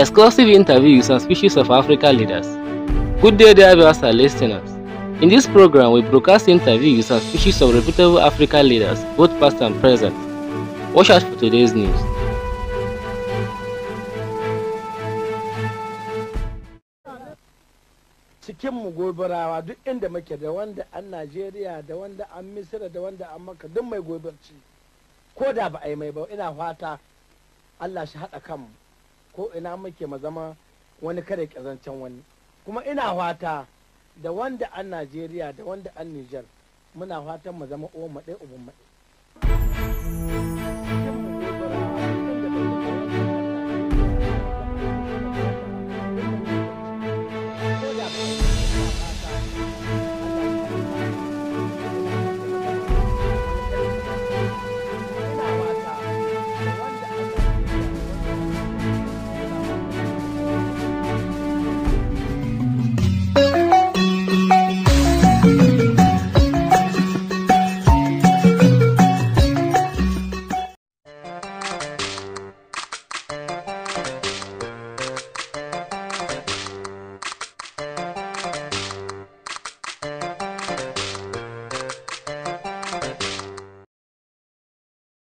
Exclusive interviews and speeches of Africa leaders. Good day dear viewers and listeners. In this program, we broadcast interviews and speeches of reputable African leaders, both past and present. Watch out for today's news. cikin mu gobirawa duk inda muke da wanda an najeriya da wanda an misira da wanda an Makka duk mai gobarci ko da ba a yi mai ba ina fata allah shi haɗa kanmu ko ina muke ma zama wani kare ƙazancen wani kuma ina fata da wanda an najeriya da wanda an nijar muna fatan mu zama uwan mu uban mu